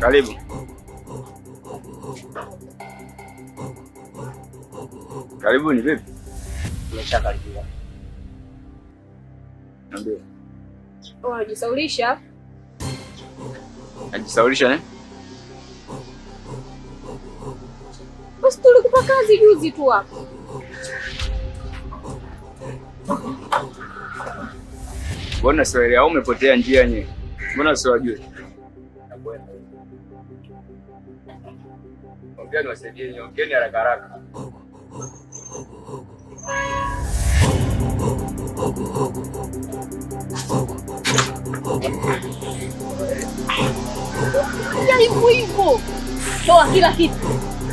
Karibu. Karibuni vipi? Nimeshakaribia. Ndio. Oh, najisaulisha. Najisaulisha eh? kwa kazi juzi tu hapo. Mbona swali au umepotea njia nye? Mbona siwajue? Ongea niwasaidie, ongeeni haraka haraka. Jaribu hivyo. Toa kila kitu.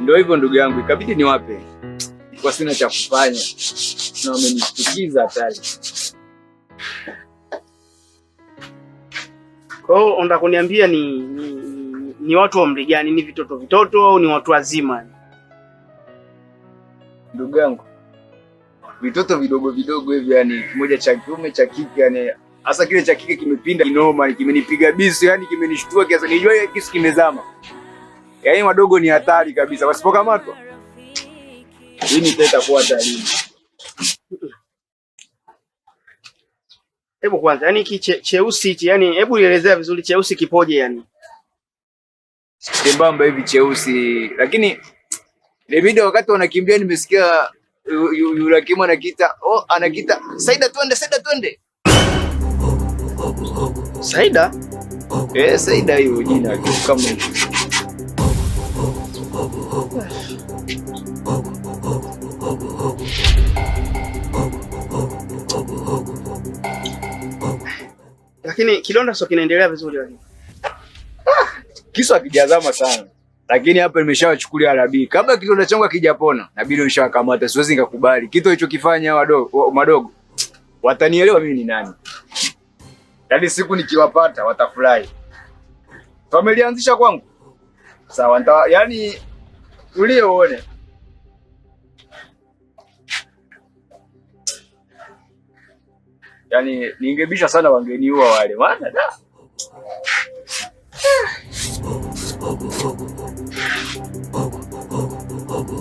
Ndio hivyo ndugu yangu, ikabidi niwape kwa sina cha kufanya na wamenishtukiza hatari. Kwa hiyo unataka kuniambia ni, ni, ni watu wa umri gani? Ni vitoto vitoto au ni watu wazima? Ndugu yangu vitoto vidogo vidogo hivi, yani kimoja cha kiume cha kike, yani hasa kile cha kike kimepinda kinoma, kimenipiga bisu, yani kimenishtua kiasi nijua hiyo kisu kimezama. Yani wadogo ni hatari kabisa, wasipokamatwa hii ni itaita kwa hatari. Hebu kwanza, yani hiki cheusi hichi, yani hebu ielezea vizuri, cheusi kipoje? Yani chembamba hivi cheusi, lakini ile video wakati wanakimbia nimesikia yule akimu anakita, oh, anakita Saida, twende Saida, twende Saida. Eh, Saida hiyo jina kama Lakini kilonda sio kinaendelea vizuri, lakini ah, kisu akijazama sana lakini hapa nimeshawachukulia arabi. kabla kidonda changu akijapona nabidi nishawakamata. Siwezi nikakubali kitu alichokifanya wadogo madogo. Watanielewa mimi ni nani, yaani siku nikiwapata watafurahi. Familiaanzisha kwangu sawa, nta yaani ulioone yaani ningebisha sana, wangeniua wale maana da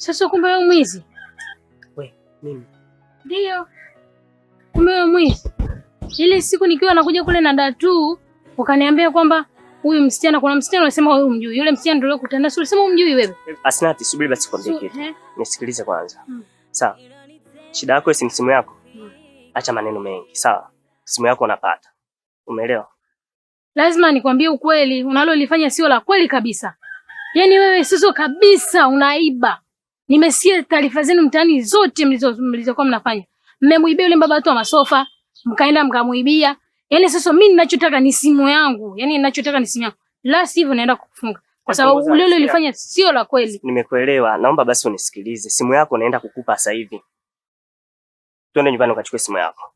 Sasa kumbe wewe mwizi? We, mimi. Ndio. Kumbe wewe mwizi. Ile siku nikiwa nakuja kule na datu, ukaniambia kwamba huyu msichana kuna msichana unasema wewe umjui. Yule msichana ndio uliyokutana, si ulisema umjui wewe? Asnati, subiri basi kwambie kitu. Eh? Nisikilize kwanza. Hmm. Sawa. Shida yako si msimu yako. Hmm. Acha maneno mengi. Sawa. Simu yako unapata. Umeelewa? Lazima nikwambie ukweli, unalolifanya sio la kweli kabisa. Yaani wewe sio kabisa unaiba. Nimesikia taarifa zenu mtaani zote mlizokuwa mnafanya. Mmemwibia yule baba wa masofa, mkaenda mkamwibia. Yaani sasa mimi ninachotaka ni simu yangu. Yaani ninachotaka ni simu yangu. La sivyo naenda kukufunga. Kwa sababu ule ule ulifanya sio la kweli. Nimekuelewa. Naomba basi unisikilize. Simu yako naenda kukupa sasa hivi. Tuende nyumbani ukachukue simu yako.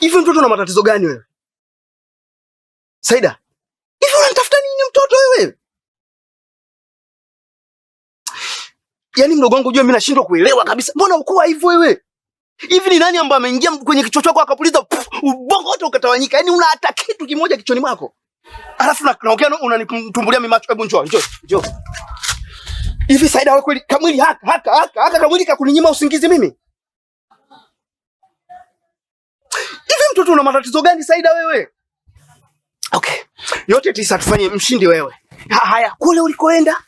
Hivi mtoto una matatizo gani wewe? Saida, hivi unanitafuta nini mtoto wewe? Yaani mdogo wangu jua mimi nashindwa kuelewa kabisa. Mbona ukuwa hivyo wewe? Hivi ni nani ambaye ameingia kwenye kichwa chako akapuliza ubongo wote ukatawanyika? Yaani una hata kitu kimoja kichwani mwako. Alafu naongea na unanitumbulia mimacho. Hebu njoo, njoo, njoo. Hivi Saida wewe kweli kamwili haka haka haka haka kamwili kakuninyima usingizi mimi? Hivi mtoto una matatizo gani Saida wewe? Okay. Yote tisa tufanye mshindi wewe. Ha, haya kule ulikoenda?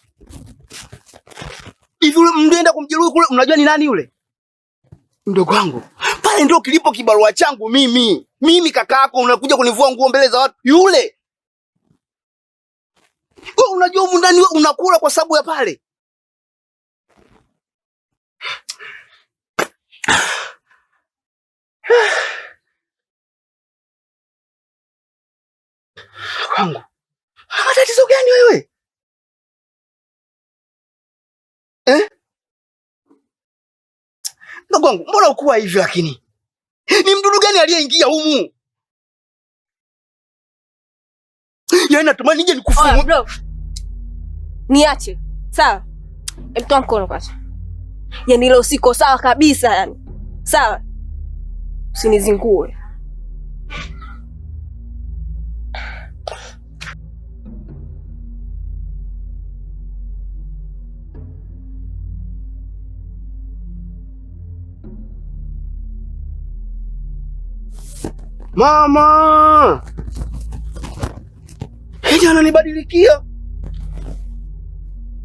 Hivi ule mlienda kumjeruhi kule unajua ni nani yule? Mdogo wangu. Pale ndio kilipo kibarua changu mimi. Mimi kakaako unakuja kunivua nguo mbele za watu. Yule. Wewe unajua huko ndani wewe unakula kwa sababu ya pale. yangu. Ana tatizo gani wewe eh? Ndugu wangu, mbona ukuwa hivyo? Lakini ni mdudu gani aliyeingia humu? Yeye yaani natumai nije nikufunge. Bro, niache sawa. Emtoa mkono kwanza. Yaani leo siko sawa kabisa, yani sawa, usinizingue Mama hija ananibadilikia,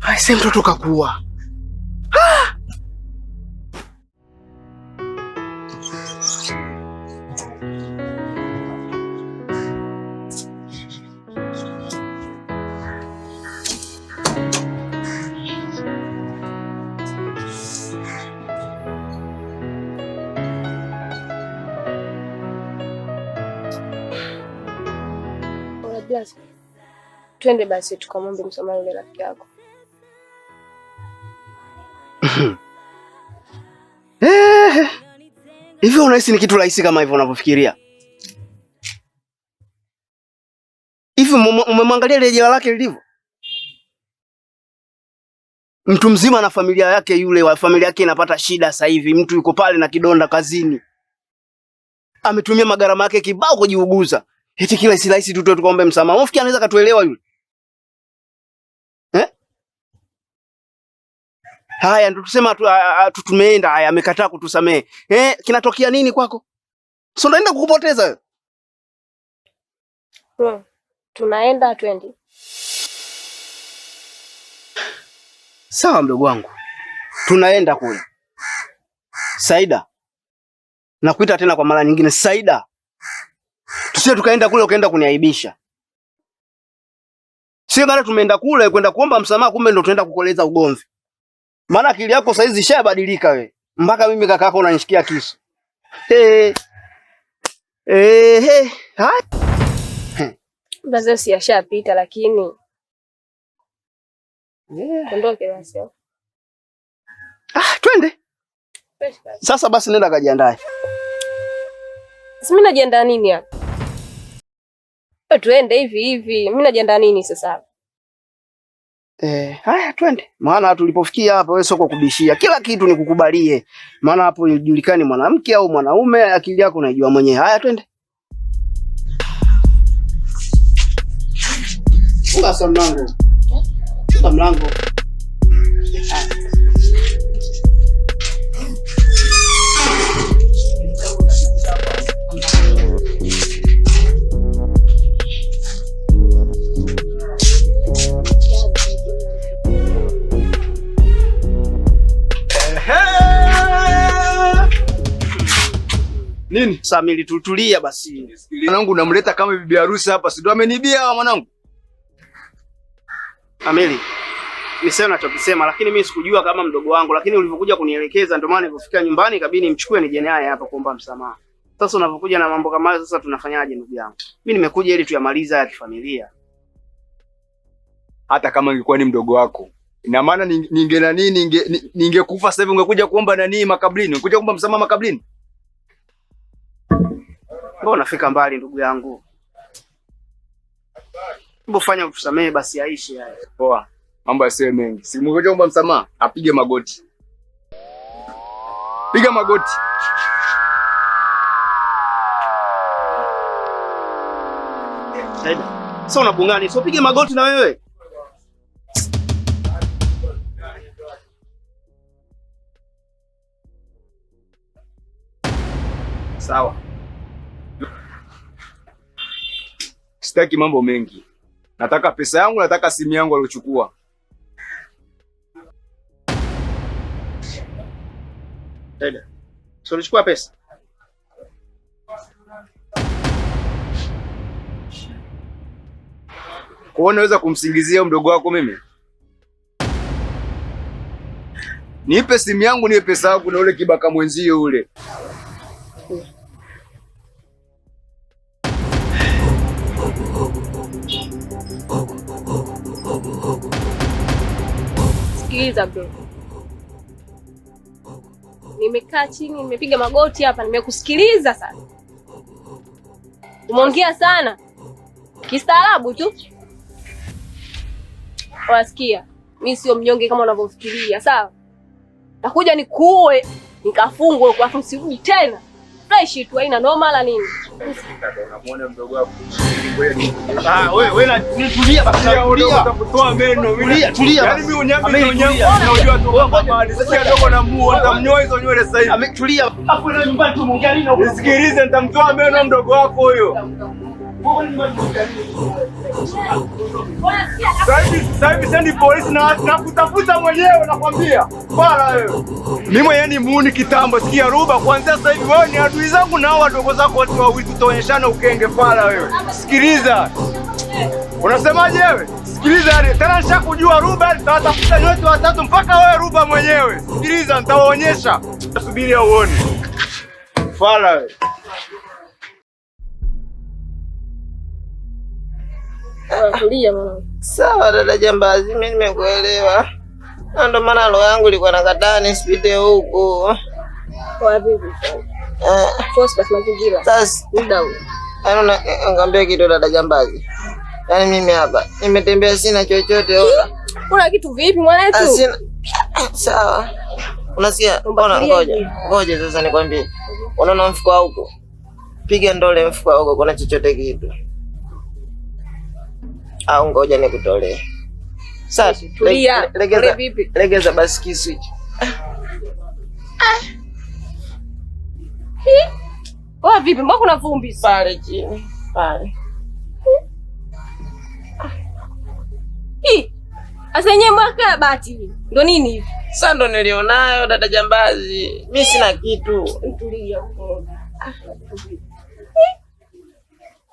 aise mtoto kakua Twende basi tukamwombe msamaha yule rafiki yako. Hivyo unahisi ni kitu rahisi kama hivyo unavyofikiria? Hivi umemwangalia ile jela lake lilivyo? Mtu mzima na familia yake, yule wa familia yake inapata shida sasa hivi. Mtu yuko pale na kidonda kazini, ametumia magharama yake kibao kujiuguza, eti kila si rahisi tu tukaombe msamaha. Mwafikiri anaweza katuelewa yule? Haya ndio tusema tu, tumeenda. Haya, amekataa kutusamehe. Eh, kinatokea nini kwako? Sio ndaenda kukupoteza wewe. Hmm, tunaenda twendi. Sawa mdogo wangu. Tunaenda kule. Saida. Nakuita tena kwa mara nyingine Saida. Tusije tukaenda kule ukaenda kuniaibisha. Sio bado tumeenda kule kwenda kuomba msamaha kumbe ndo tunaenda kukoleza ugomvi. Maana akili yako sasa hizi ishabadilika wewe. Mpaka mimi kaka yako unanishikia kisu. Eh. Eh, si lakini. Ondoke basi. Oh. Ah, twende. Sasa basi nenda kajiandae. Sasa mimi najiandaa nini hapa? Twende hivi hivi. Mimi najiandaa nini sasa? Eh, haya twende. Maana tulipofikia hapa wewe sio kubishia. Kila kitu ni kukubalie Maana hapo ijulikani mwanamke au mwanaume, akili yako unaijua mwenyewe. Haya twende. Funga mlango. Funga mlango. Nini? Sasa mimi tutulia basi. Mwanangu namleta kama bibi harusi hapa, si ndio amenibia hawa mwanangu? Ameli. Nisema unachokisema lakini mimi sikujua kama mdogo wangu, lakini ulivyokuja kunielekeza ndio maana nilipofika nyumbani kabii nimchukue nije naye hapa kuomba msamaha. Sasa unapokuja na mambo kama hayo sasa tunafanyaje ndugu yangu? Mimi nimekuja ili tuyamalize ya kifamilia. Hata kama ingekuwa ni mdogo wako, ina maana ninge na nini ningekufa ninge sasa hivi ungekuja kuomba nani makablini? Ungekuja kuomba msamaha makablini? Wewe unafika mbali ndugu yangu. Hebu fanya utusamehe basi aishe haya. Poa. Mambo yasiwe mengi. Simungoje omba msamaha, apige magoti. Piga magoti. Sasa unabungani, so pige magoti na wewe. Sawa. Sitaki mambo mengi, nataka pesa yangu, nataka simu yangu aliochukua. Dada, so ulichukua pesa? Kwa hiyo naweza kumsingizia mdogo wako mimi? Nipe simu yangu, nipe pesa yangu na ule kibaka mwenzio ule. Sikiliza bro, nimekaa chini, nimepiga magoti hapa, nimekusikiliza sana, umeongea sana kistaarabu tu. Wasikia, mi sio mnyonge kama unavyofikiria, sawa? Nakuja nikuue nikafungwe, alafu sirudi tena fresh tu haina normal la nini? Ah, Unamuona yaani nitamtoa meno mdogo wako huyo. Sasa hivi sendi polisi na kutafuta mwenyewe, nakwambia para wewe. Mimi mwenyewe ni muuni kitambo, sikia ruba kwanza. Sasa hivi wewe ni adui zangu na wadogo zako wote wawili, tutaonyeshana ukenge. Para wewe, sikiliza, unasemaje wewe? Sikiliza tena, nishakujua Ruba, nitawatafuta nyote watatu mpaka wewe Ruba mwenyewe. Sikiliza, nitawaonyesha, subiri uone. Fala wewe. Sawa dada jambazi, mimi nimekuelewa, na ndo maana roho yangu ilikuwa nakataa nisipite huku. Eh. Yaani eh, eh, Ngambia kitu dada jambazi, yaani mimi hapa nimetembea sina chochote. Kuna kitu vipi mwanetu? Ah, Sawa, unasikia? Mbona, ngoja ngoja sasa nikwambie. Mhm. Unaona mfuko huko, piga ndole mfuko huko, kuna chochote kitu au ngoja nikutolee. Sasa tulia, legeza vipi? Legeza basi Ah. hicho. Ah. Wa vipi? Mbona kuna vumbi pale chini? Pale. Asa mwaka ya bati ndo nini hivi? Sasa ndo nilionayo dada jambazi. Mimi sina kitu. Tulia huko. Ah.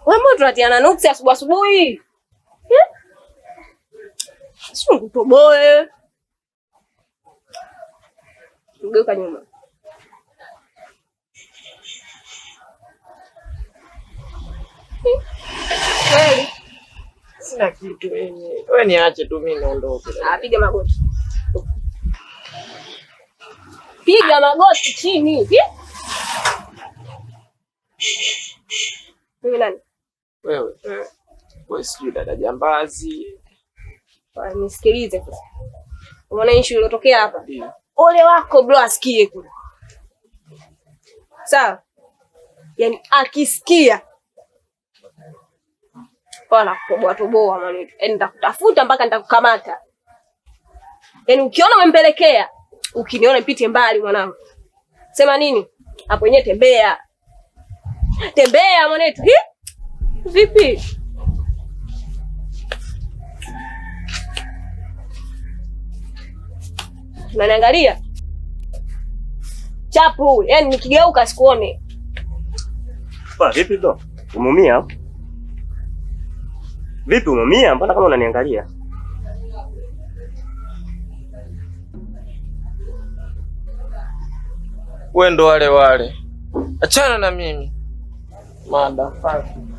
Wewe mbona tunatiana nuksi asubuhi asubuhi? si nikutoboe. mgeuka nyuma. Kweli sina kitu wewe. Wewe niache tu mimi niondoke. Ah, magoti. Piga magoti chini hivi. Mimi nani? Wewe. Wewe sijui dada jambazi. Ah, nisikilize sasa. Unaona issue hapa? Ole wako bro asikie kule. Sawa? Yaani akisikia wala kutoboa toboa maneno. Yaani nitakutafuta mpaka nitakukamata. Yaani ukiona umempelekea, ukiniona mpite mbali mwanangu. Sema nini? Hapo yenyewe tembea. Tembea mwanetu. Vipi? unaniangalia chapu, yani nikigeuka sikuone. Vipi ndo umeumia? Vipi umeumia? Mbona kama unaniangalia? wewe? ndo wale wale, achana na mimi madafaki